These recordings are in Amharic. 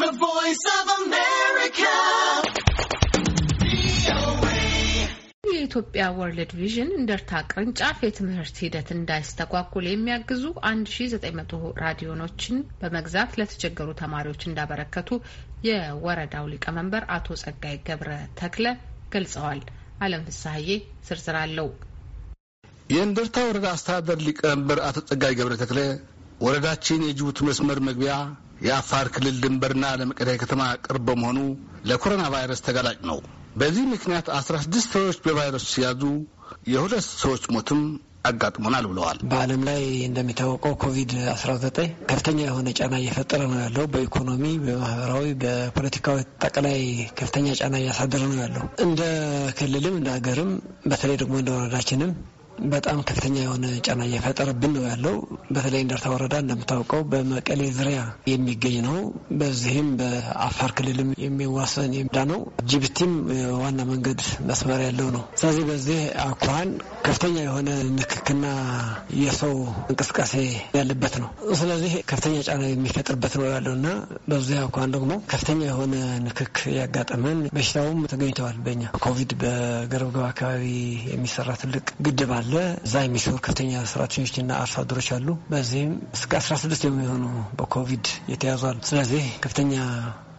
The Voice of America. የኢትዮጵያ ወርልድ ቪዥን እንደርታ ቅርንጫፍ የትምህርት ሂደት እንዳይስተጓጉል የሚያግዙ 1900 ራዲዮኖችን በመግዛት ለተቸገሩ ተማሪዎች እንዳበረከቱ የወረዳው ሊቀመንበር አቶ ጸጋይ ገብረ ተክለ ገልጸዋል። አለም ፍሳሀዬ ዝርዝር አለው። የእንደርታ ወረዳ አስተዳደር ሊቀመንበር አቶ ጸጋይ ገብረ ተክለ ወረዳችን የጅቡቲ መስመር መግቢያ የአፋር ክልል ድንበርና ለመቀዳይ ከተማ ቅርብ በመሆኑ ለኮሮና ቫይረስ ተጋላጭ ነው። በዚህ ምክንያት አስራ ስድስት ሰዎች በቫይረሱ ሲያዙ የሁለት ሰዎች ሞትም አጋጥሞናል ብለዋል። በዓለም ላይ እንደሚታወቀው ኮቪድ 19 ከፍተኛ የሆነ ጫና እየፈጠረ ነው ያለው። በኢኮኖሚ፣ በማህበራዊ፣ በፖለቲካዊ ጠቅላይ ከፍተኛ ጫና እያሳደረ ነው ያለው። እንደ ክልልም እንደ ሀገርም በተለይ ደግሞ እንደ ወረዳችንም በጣም ከፍተኛ የሆነ ጫና እየፈጠረብን ነው ያለው። በተለይ እንደርታ ወረዳ እንደምታውቀው በመቀሌ ዙሪያ የሚገኝ ነው። በዚህም በአፋር ክልልም የሚዋሰን የዳ ነው። ጅቡቲም ዋና መንገድ መስመር ያለው ነው። ስለዚህ በዚህ አኳን ከፍተኛ የሆነ ንክክና የሰው እንቅስቃሴ ያለበት ነው። ስለዚህ ከፍተኛ ጫና የሚፈጥርበት ነው ያለው እና በዚህ አኳን ደግሞ ከፍተኛ የሆነ ንክክ ያጋጠመን በሽታውም ተገኝተዋል። በኛ ኮቪድ በገረብገባ አካባቢ የሚሰራ ትልቅ ግድብ አለ። እዛ የሚሰሩ ከፍተኛ ሰራተኞችና አርሶ አደሮች አሉ። በዚህም እስከ 16 የሚሆኑ በኮቪድ የተያዟል። ስለዚህ ከፍተኛ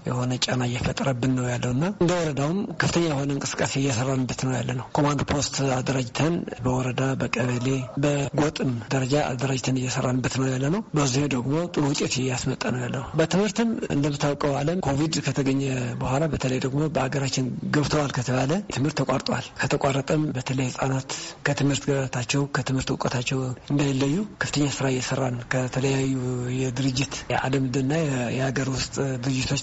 የሆነ ጫና እየፈጠረብን ነው ያለው እና እንደ ወረዳውም ከፍተኛ የሆነ እንቅስቃሴ እየሰራንበት ነው ያለ ነው። ኮማንድ ፖስት አደራጅተን በወረዳ በቀበሌ በጎጥም ደረጃ አደራጅተን እየሰራንበት ነው ያለ ነው። በዚህ ደግሞ ጥሩ ውጤት እያስመጣ ነው ያለው። በትምህርትም እንደምታውቀው ዓለም ኮቪድ ከተገኘ በኋላ በተለይ ደግሞ በሀገራችን ገብተዋል ከተባለ ትምህርት ተቋርጠዋል። ከተቋረጠም በተለይ ህጻናት ከትምህርት ገበታቸው ከትምህርት እውቀታቸው እንዳይለዩ ከፍተኛ ስራ እየሰራን ከተለያዩ የድርጅት ድና የሀገር ውስጥ ድርጅቶች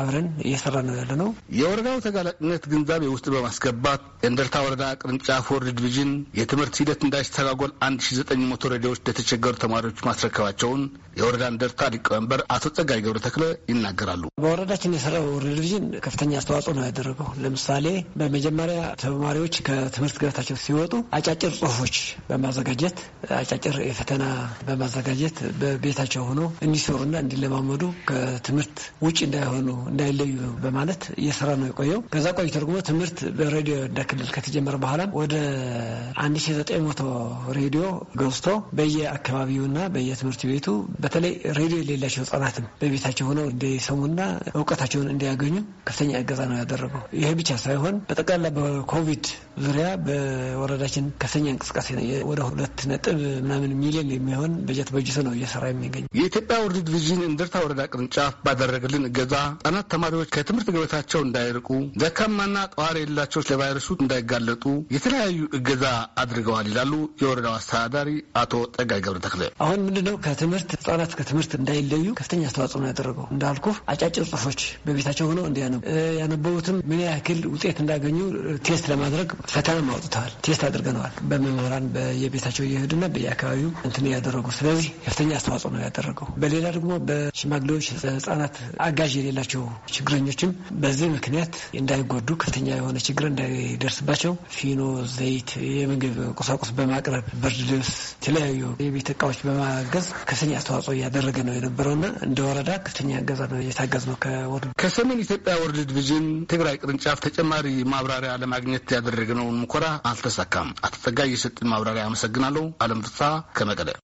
አብረን እየሰራ ነው ያለ ነው። የወረዳው ተጋላጭነት ግንዛቤ ውስጥ በማስገባት የእንደርታ ወረዳ ቅርንጫፍ ወርድ ዲቪዥን የትምህርት ሂደት እንዳይስተጓጎል 1900 ሬዲዮዎች ለተቸገሩ ተማሪዎች ማስረከባቸውን የወረዳ እንደርታ ሊቀመንበር አቶ ጸጋይ ገብረ ተክለ ይናገራሉ። በወረዳችን የሰራው ወርድ ዲቪዥን ከፍተኛ አስተዋጽኦ ነው ያደረገው። ለምሳሌ በመጀመሪያ ተማሪዎች ከትምህርት ገበታቸው ሲወጡ አጫጭር ጽሁፎች በማዘጋጀት አጫጭር የፈተና በማዘጋጀት በቤታቸው ሆነው እንዲሰሩና እንዲለማመዱ ከትምህርት ውጭ እንዳይሆኑ እንዳይባሉ እንዳይለዩ በማለት እየሰራ ነው የቆየው። ከዛ ቆይቶ ደግሞ ትምህርት በሬዲዮ እንደ ክልል ከተጀመረ በኋላ ወደ 1900 ሬዲዮ ገዝቶ በየአካባቢውና በየትምህርት ቤቱ በተለይ ሬዲዮ የሌላቸው ህጻናትም በቤታቸው ሆነው እንዲሰሙና እውቀታቸውን እንዲያገኙ ከፍተኛ እገዛ ነው ያደረገው። ይሄ ብቻ ሳይሆን በጠቅላላ በኮቪድ ዙሪያ በወረዳችን ከፍተኛ እንቅስቃሴ ነው። ወደ ሁለት ነጥብ ምናምን ሚሊዮን የሚሆን በጀት በጅቶ ነው እየሰራ የሚገኝ። የኢትዮጵያ ውርድ ቪዥን እንድርታ ወረዳ ቅርንጫፍ ባደረገልን እገዛ ህጻናት ተማሪዎች ከትምህርት ገበታቸው እንዳይርቁ፣ ደካማና ጠዋሪ የሌላቸው ለቫይረሱ እንዳይጋለጡ የተለያዩ እገዛ አድርገዋል ይላሉ የወረዳው አስተዳዳሪ አቶ ጠጋይ ገብረ ተክለ። አሁን ምንድነው ከትምህርት ህጻናት ከትምህርት እንዳይለዩ ከፍተኛ አስተዋጽኦ ነው ያደረገው። እንዳልኩ አጫጭር ጽሁፎች በቤታቸው ሆነው እንዲያነቡ ያነበቡትም ምን ያክል ውጤት እንዳገኙ ቴስት ለማድረግ ፈተናም አውጥተዋል። ቴስት አድርገነዋል። በመምህራን በየቤታቸው እየሄዱና በየአካባቢው እንትን ያደረጉ ስለዚህ ከፍተኛ አስተዋጽኦ ነው ያደረገው። በሌላ ደግሞ በሽማግሌዎች ህጻናት አጋዥ የሌለ ያላቸው ችግረኞችም በዚህ ምክንያት እንዳይጎዱ ከፍተኛ የሆነ ችግር እንዳይደርስባቸው ፊኖ፣ ዘይት፣ የምግብ ቁሳቁስ በማቅረብ ብርድ ልብስ፣ የተለያዩ የቤት እቃዎች በማገዝ ከፍተኛ አስተዋጽኦ እያደረገ ነው የነበረውና እንደ ወረዳ ከፍተኛ እገዛ ነው እየታገዝ ነው ከወርድ ከሰሜን ኢትዮጵያ ወርድ ዲቪዥን ትግራይ ቅርንጫፍ ተጨማሪ ማብራሪያ ለማግኘት ያደረግነውን ሙከራ አልተሳካም። አቶ ጸጋይ ማብራሪያ አመሰግናለሁ። አለም ፍሳ ከመቀለ